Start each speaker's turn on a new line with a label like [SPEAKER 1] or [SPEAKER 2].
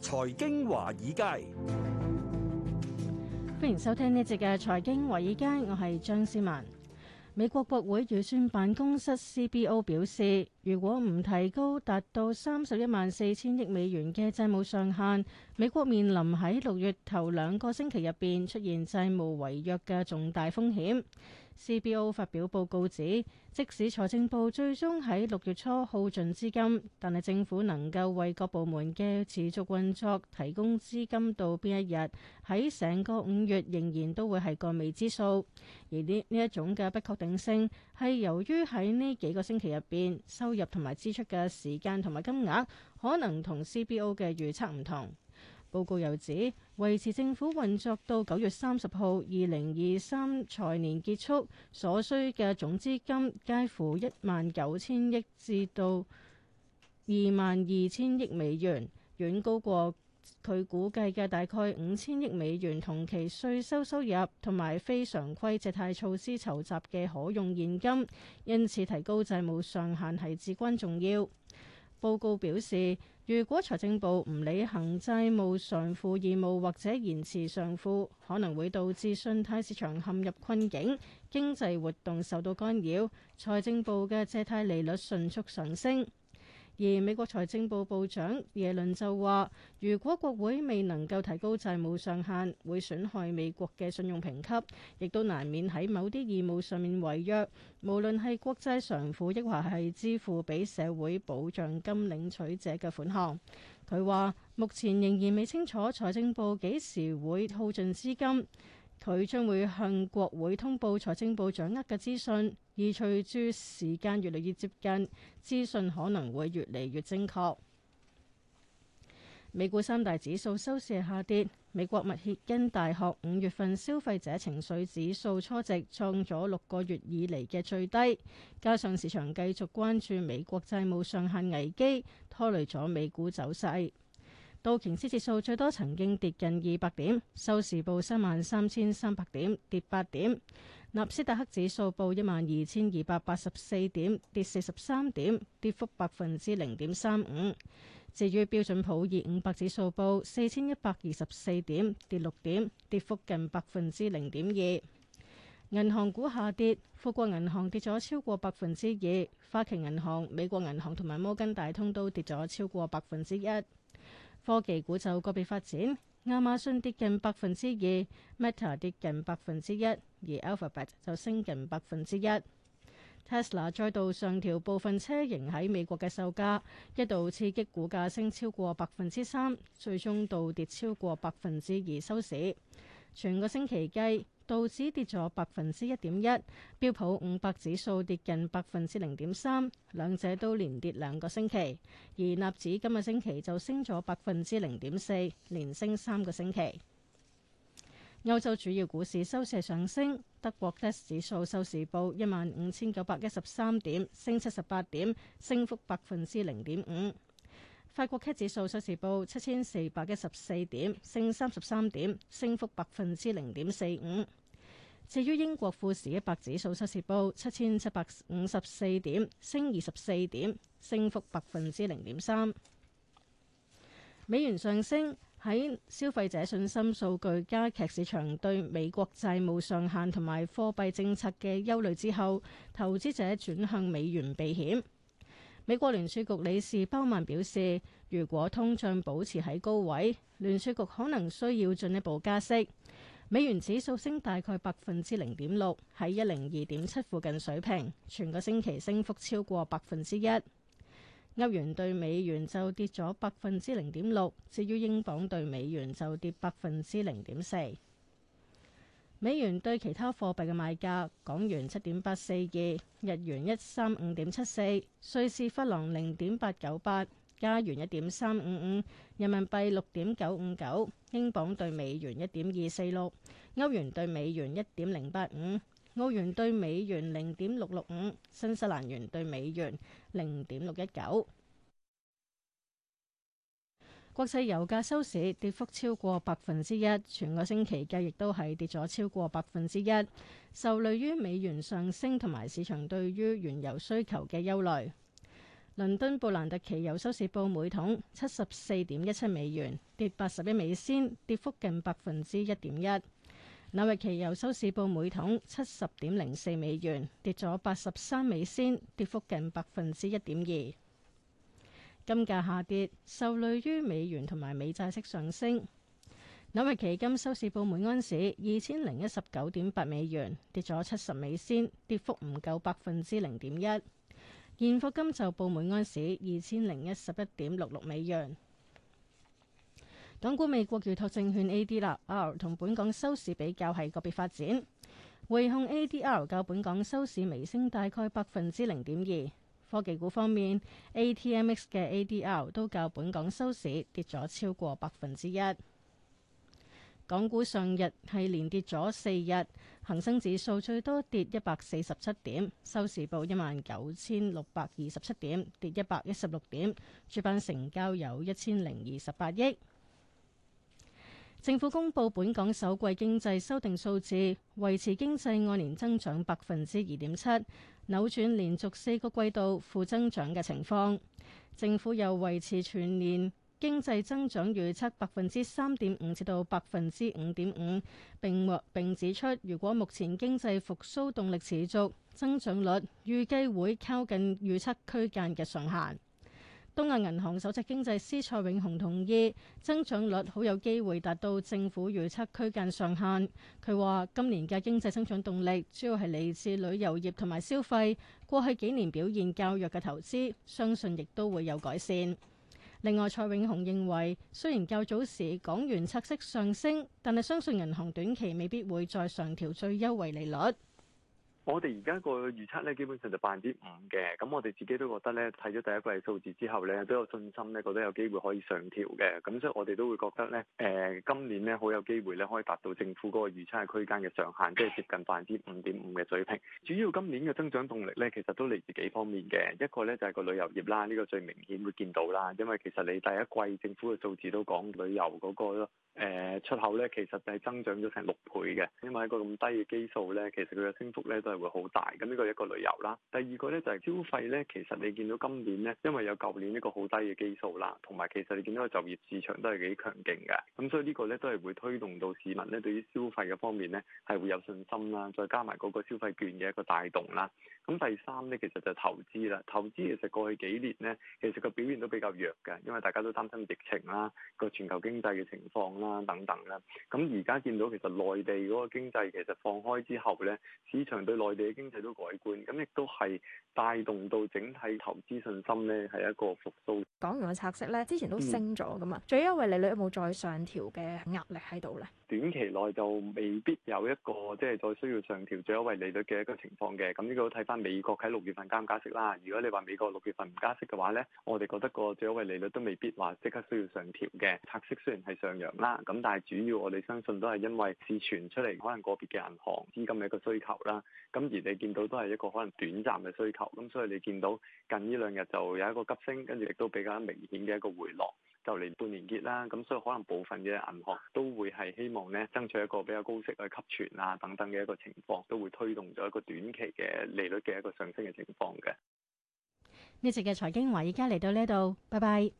[SPEAKER 1] 財經華
[SPEAKER 2] 爾街，歡迎收聽呢集嘅財經華爾街，我係張思文。美國國會預算辦公室 CBO 表示，如果唔提高達到三十一萬四千億美元嘅債務上限，美國面臨喺六月頭兩個星期入邊出現債務違約嘅重大風險。CBO 發表報告指，即使財政部最終喺六月初耗盡資金，但係政府能夠為各部門嘅持續運作提供資金到邊一日，喺成個五月仍然都會係個未知數。而呢呢一種嘅不確定性係由於喺呢幾個星期入邊收入同埋支出嘅時間同埋金額可能同 CBO 嘅預測唔同。報告又指，維持政府運作到九月三十號二零二三財年結束所需嘅總資金，介乎一萬九千億至到二萬二千億美元，遠高過佢估計嘅大概五千億美元同期稅收收入同埋非常規借貸措施籌集嘅可用現金，因此提高債務上限係至關重要。報告表示，如果財政部唔履行債務償付義務，或者延遲償付，可能會導致信貸市場陷入困境，經濟活動受到干擾，財政部嘅借貸利率迅速上升。而美國財政部部長耶倫就話，如果國會未能夠提高債務上限，會損害美國嘅信用評級，亦都難免喺某啲義務上面違約，無論係國債償付，亦或係支付俾社會保障金領取者嘅款項。佢話，目前仍然未清楚財政部幾時會耗盡資金。佢將會向國會通報財政部掌握嘅資訊，而隨住時間越嚟越接近，資訊可能會越嚟越精確。美股三大指數收市下跌，美國密歇根大學五月份消費者情緒指數初值創咗六個月以嚟嘅最低，加上市場繼續關注美國債務上限危機，拖累咗美股走勢。道瓊斯指數最多曾經跌近二百點，收市報三萬三千三百點，跌八點。納斯達克指數報一萬二千二百八十四點，跌四十三點，跌幅百分之零點三五。至於標準普爾五百指數報四千一百二十四點，跌六點，跌幅近百分之零點二。銀行股下跌，富國銀行跌咗超過百分之二，花旗銀行、美國銀行同埋摩根大通都跌咗超過百分之一。科技股就個別發展，亞馬遜跌近百分之二，Meta 跌近百分之一，而 Alphabet 就升近百分之一。Tesla 再度上調部分車型喺美國嘅售價，一度刺激股價升超過百分之三，最終倒跌超過百分之二收市。全個星期計，道指跌咗百分之一點一，標普五百指數跌近百分之零點三，兩者都連跌兩個星期。而納指今個星期就升咗百分之零點四，連升三個星期。歐洲主要股市收市上升，德國 D 指數收市報一萬五千九百一十三點，升七十八點，升幅百分之零點五。法國 CAC 指數實時報七千四百一十四點，升三十三點，升幅百分之零點四五。至於英國富時一百指數實時報七千七百五十四點，升二十四點，升幅百分之零點三。美元上升喺消費者信心數據加劇市場對美國債務上限同埋貨幣政策嘅憂慮之後，投資者轉向美元避險。美國聯儲局理事鮑曼表示，如果通脹保持喺高位，聯儲局可能需要進一步加息。美元指數升大概百分之零點六，喺一零二點七附近水平，全個星期升幅超過百分之一。歐元對美元就跌咗百分之零點六，至於英鎊對美元就跌百分之零點四。美元對其他貨幣嘅賣價：港元七點八四二，日元一三五點七四，瑞士法郎零點八九八，加元一點三五五，人民幣六點九五九，英鎊對美元一點二四六，歐元對美元一點零八五，澳元對美元零點六六五，新西蘭元對美元零點六一九。國際油價收市跌幅超過百分之一，全個星期嘅亦都係跌咗超過百分之一，受累於美元上升同埋市場對於原油需求嘅憂慮。倫敦布蘭特期油收市報每桶七十四點一七美元，跌八十一美仙，跌幅近百分之一點一。紐約期油收市報每桶七十點零四美元，跌咗八十三美仙，跌幅近百分之一點二。金價下跌，受累於美元同埋美債息上升。紐約期金收市報每盎司二千零一十九點八美元，跌咗七十美仙，跌幅唔夠百分之零點一。現貨金就報每盎司二千零一十一點六六美元。港股美國預託證券 ADR 同本港收市比較係個別發展，匯控 ADR 較本港收市微升大概百分之零點二。科技股方面，ATMX 嘅 ADR 都較本港收市跌咗超過百分之一。港股上日係連跌咗四日，恒生指數最多跌一百四十七點，收市報一萬九千六百二十七點，跌一百一十六點。主板成交有一千零二十八億。政府公布本港首季經濟修訂數字，維持經濟按年增長百分之二點七，扭轉連續四個季度負增長嘅情況。政府又維持全年經濟增長預測百分之三點五至到百分之五點五。並並指出，如果目前經濟復蘇動力持續，增長率預計會靠近預測區間嘅上限。東亞銀行首席經濟師蔡永雄同意，增長率好有機會達到政府預測區間上限。佢話，今年嘅經濟增長動力主要係嚟自旅遊業同埋消費，過去幾年表現較弱嘅投資，相信亦都會有改善。另外，蔡永雄認為，雖然較早時港元拆息上升，但係相信銀行短期未必會再上調最優惠利率。
[SPEAKER 1] 我哋而家個預測咧，基本上就百分之五嘅。咁我哋自己都覺得咧，睇咗第一季數字之後咧，都有信心咧，覺得有機會可以上調嘅。咁所以我哋都會覺得咧，誒、呃、今年咧好有機會咧，可以達到政府嗰個預測區間嘅上限，即係接近百分之五點五嘅水平。主要今年嘅增長動力咧，其實都嚟自幾方面嘅。一個咧就係個旅遊業啦，呢、這個最明顯會見到啦。因為其實你第一季政府嘅數字都講旅遊嗰、那個、呃、出口咧，其實係增長咗成六倍嘅。因為一個咁低嘅基數咧，其實佢嘅升幅咧都～就會好大，咁呢個一個旅遊啦。第二個呢，就係消費呢，其實你見到今年呢，因為有舊年一個好低嘅基數啦，同埋其實你見到個就業市場都係幾強勁嘅，咁所以呢個呢，都係會推動到市民呢對於消費嘅方面呢，係會有信心啦，再加埋嗰個消費券嘅一個帶動啦。咁第三呢，其實就投資啦，投資其實過去幾年呢，其實個表現都比較弱嘅，因為大家都擔心疫情啦、個全球經濟嘅情況啦等等啦。咁而家見到其實內地嗰個經濟其實放開之後呢，市場對內地嘅經濟都改觀，咁亦都係帶動到整體投資信心咧，係一個復甦。
[SPEAKER 2] 講完嘅拆息咧，之前都升咗噶嘛，嗯、最優惠利率有冇再上調嘅壓力喺度咧？
[SPEAKER 1] 短期內就未必有一個即係再需要上調最優惠利率嘅一個情況嘅。咁呢個睇翻美國喺六月份加唔加息啦。如果你話美國六月份唔加息嘅話咧，我哋覺得個最優惠利率都未必話即刻需要上調嘅。拆息雖然係上揚啦，咁但係主要我哋相信都係因為市傳出嚟可能個別嘅銀行資金嘅一個需求啦。咁而你見到都係一個可能短暫嘅需求，咁所以你見到近呢兩日就有一個急升，跟住亦都比較明顯嘅一個回落，就嚟半年結啦。咁所以可能部分嘅銀行都會係希望咧爭取一個比較高息去吸存啊等等嘅一個情況，都會推動咗一個短期嘅利率嘅一個上升嘅情況嘅。
[SPEAKER 2] 呢集嘅財經華爾街，而家嚟到呢度，拜拜。